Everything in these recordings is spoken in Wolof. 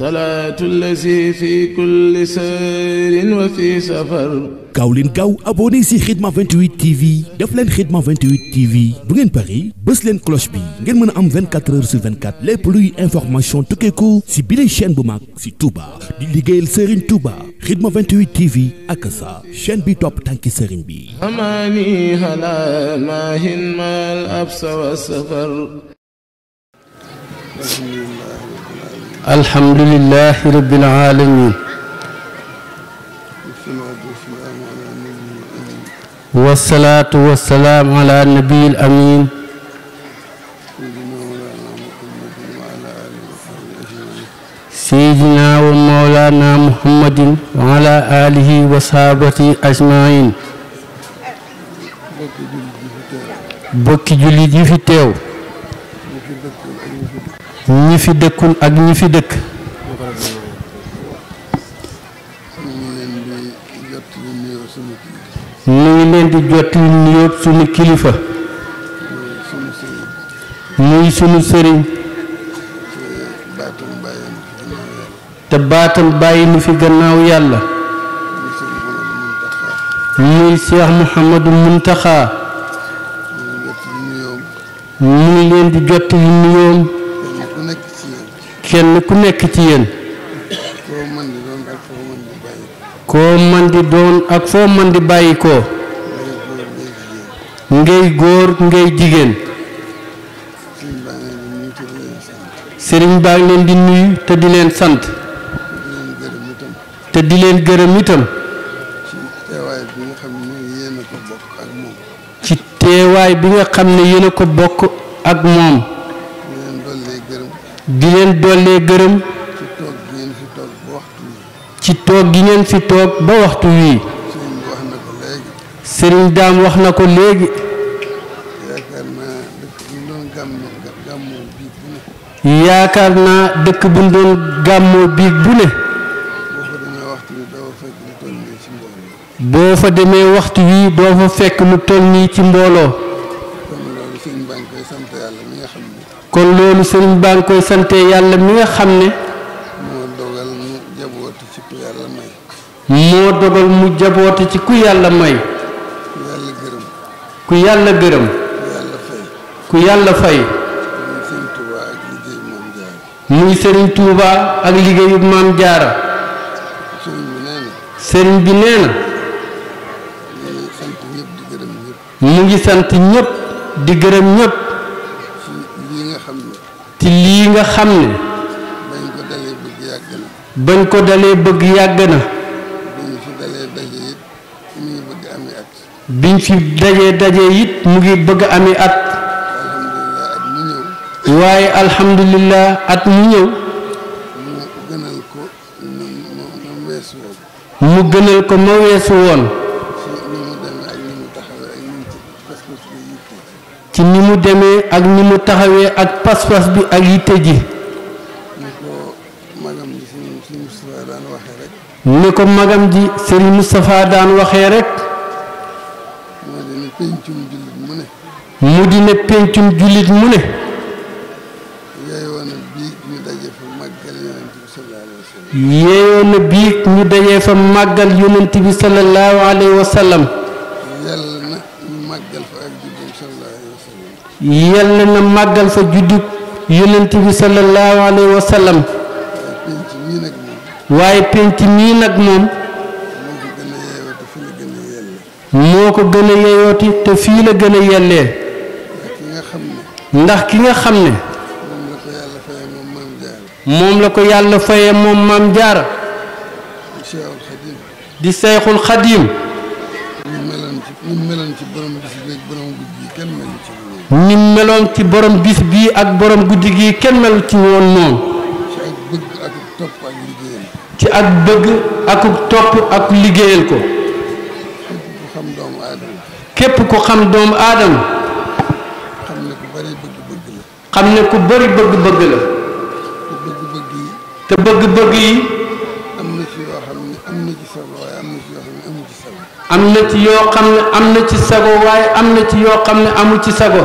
salaatu lazi fi kulli sayrin wa fi safar. gaaw leen gaaw abonné si TV def leen Khidma 28 TV bu ngeen pari bës leen cloche bi ngeen mën a am 24 heures sur 24 lépp luy information tukkeeku si bile chaîne bu mag si Touba di liggéeyal Serigne Touba Khidma 28 TV ak sa bi topp tànki Serigne bi. amaani halal maahin maal absa wa safar. alhamdulilahi rabbil alamin wasalaatu wasalaam ala nabiil amin seydina wa mawlana muhammadin wa ala alihi wa sahabati ajmain bokki jullit yi fi teew ñi fi dëkkul ak ñi fi dëkk. ñu ngi leen di jot sunu sëriñ. te baatam bàyyi nu fi gannaaw yàlla. muy Cheikh Mouhamadou Mountakha. mu ngi leen di jottali nuyoom kenn ku nekk ci yéen koo man di doon ak foo man di bàyyi koo ngay góor ngay jigéen sëriñ baa ngi leen di nuyu te di leen sant te di leen gërëm itam teewaay bi nga xam ne yéen a ko bokk ak moom di leen dollee gërëm ci toog gi ngeen fi toog ba waxtu wii seen daam wax na ko léegi yaakaar naa dëkk bu doon gàmmoo biig bu ne boo fa demee waxtu wii doo fa fekk lu toll nii ci mbooloo kon loolu sëriñ baa koy sante yàlla mi nga xam ne moo dogal mu jaboote ci ku yàlla may ci ku yàlla may ku yàlla gërëm ku yàlla fay muy sëriñ Tuuba ak liggéeyu maam jaara sëriñ bi nee na mu ngi sant ñëpp di gërëm ñëpp. ci lii nga xam ne. bañ ko dalee bëgg yàgg na. bañ ko biñ fi dalee daje it mu ngi bëgg amee at. biñ fi at. waaye alhamdulilah at mu ñëw. mu mu gënal ko ma weesu woon. mu demee ak mu taxawee ak pas bi ak yitte ji ni ji Serigne waxee rek mu di ne pencum jullit mu ne yeeyoo biig ñu dajee fa màggal yonent bi sallallahu alayhi wa yàlla na màggal fa juddub yonent bi sallallahu alayhi waaye penc mii nag moom moo ko gën a yeyooti te fii la gën a yellee ndax ki nga xam ne moom la ko yàlla fayee moom maam jaara di seyxul xadiim ni meloon ci borom bis bii ak borom guddi gii kenn melu ci woon noonu. ci ak bëgg ak topp ak liggéeyal ko. képp ku xam doomu aadama. xam ne ku bari bëgg-bëgg la. te bëgg-bëgg yi. am na ci yoo xam ne am na ci sago waaye am na ci yoo xam ne amul ci sago.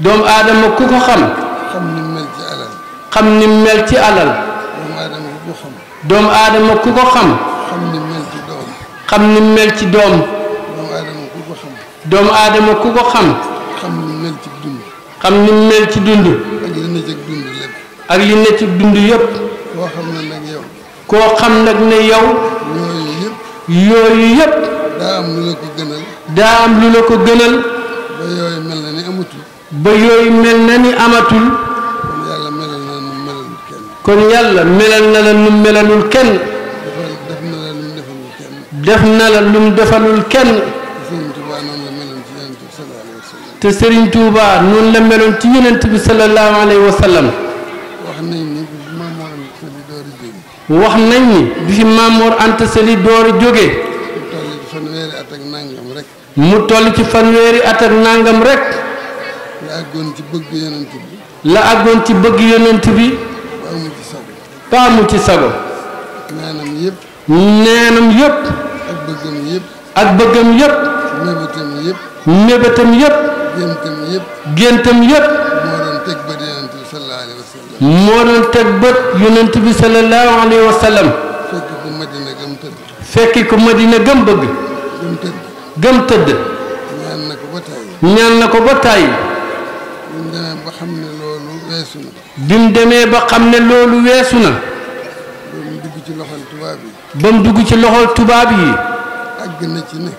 doomu aadama ku ko xam. xam ni mel ci alal. xam ni mel ci alal. doomu aadama ku ko xam. xam ni mel ci doom. xam ni mel ci doom. dund. ak li ne ci dund yépp. koo xam nag ne yow. yooyu yëpp. yooyu yëpp. daa am lu la ko gënal. daa am lu la ko gënal. ba yooyu mel na ni amatul. ba yooyu mel na ni amatul. kon yàlla melal na nu melalul kenn. kon yàlla melal na la nu melalul kenn. def na la lu defalul kenn. te Serigne Touba noonu la meloon ci yonent bi sallallahu alayhi wa wax nañ ni bi fi Maam Mor Anta door a mu toll ci fanweeri at ak nangam rekk la àggoon ci bëgg yonent bi la àggoon ci sago neenam yëpp neenam yëpp ak bëggam yëpp ak bëggam géntam yëpp moo doon teg bët yonent bi sallallahu alayhi wa sallam fekk ko madina gëm ko madina gëm bëgg gëm tëdd ñaan na ko ba tàyyi ñaan na ko ba tàyyi bi mu demee ba xam ne loolu weesu na bi mu demee ba xam ne loolu weesu na ba dugg ci loxol tubaab yi dugg ci loxol tubaab yi àgg na ci ne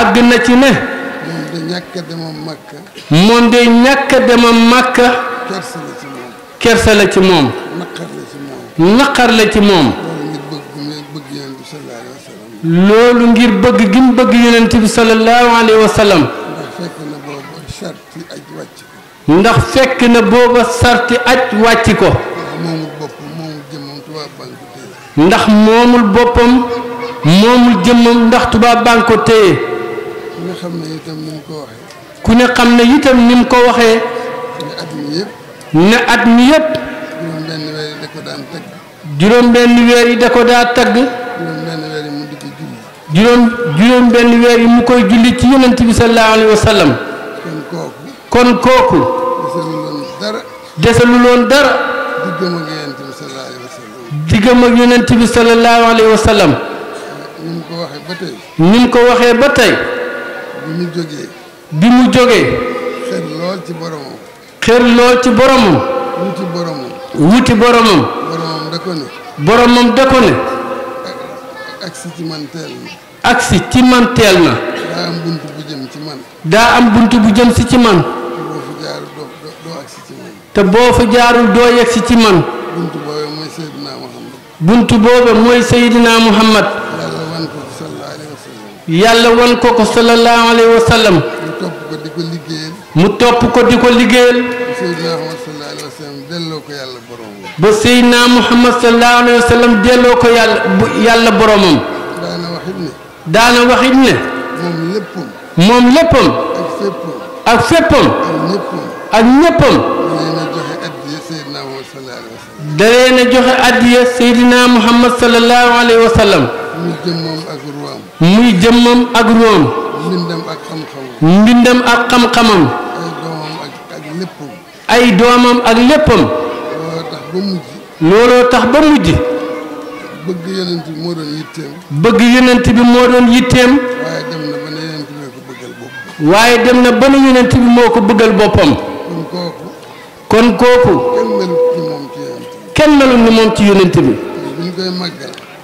àgg na ci ne moom de ñàkk demam màkka kerse la ci moom naqar la ci moom loolu ngir bëgg gi mu bëgg yonent bi sallallahu alayhi wa sallam ndax fekk na booba sarti aj wàcc ko ndax moomul boppam moomul jëmmam ndax tubaab baa ngi ko ku ne xam ne itam ni mu ko waxee ne at mi yëpp. juróom benn weer yi da ko daa tagg. juróom benn weer yi mu koy julli ci yonent bi sallallahu alayhi wa sallam. kon kooku. desalu loon dara. diggam ak yonent bi sallallahu alayhi wa sallam. mu ko waxee ba tey. ni mu ko waxee ba jógee. bi mu jógee. xërloo ci boromam. wuti boromam. wuti boromam. boromam da ko ne. boromam da ko ne. agsi ci man teel na. agsi ci man te boo fa jaarul doo yegsi ci man. buntu boobu mooy Seydina Muhammad. yàlla wan ko ko sallallahu alayhi wa topp ko di ko liggéeyal. mu topp ko di ko liggéeyal. ba Seydina Muhammad sallallahu alayhi wa sallam delloo ko yàlla yàlla boromam. daana waxit ne. daana waxit ne. moom léppam. moom léppam. ak féppam. ak ñéppam. da leen a joxe addiya Seydina Muhammad sallallahu alayhi wa sallam. muy jëmmam ak ruwaam. muy jëmmam ak ruwaam. mbindam ak mbindam ak xam-xamam. ay doomam ak léppam. looloo tax ba mujj. bëgg yonent bi moo bëgg yonent bi moo doon yitteem. waaye dem na ba ne yonent bi moo ko bëggal boppam. waaye dem na ba ne bëggal boppam. kon kooku. kenn melul ni moom ci yonent bi.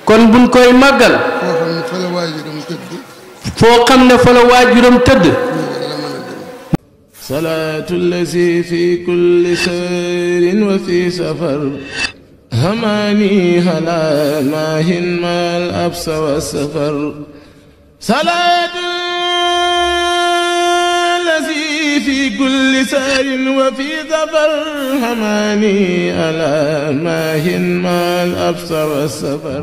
kon buñ koy màggal. foo xam ne fa la waajuram tëdd salaatu lazi fi kulli sayrin wa fi safar hamaani halal maahin maal absa wa safar salaatu lazi fi kulli sayrin wa fi safar hamaani halal maahin maal absa wa safar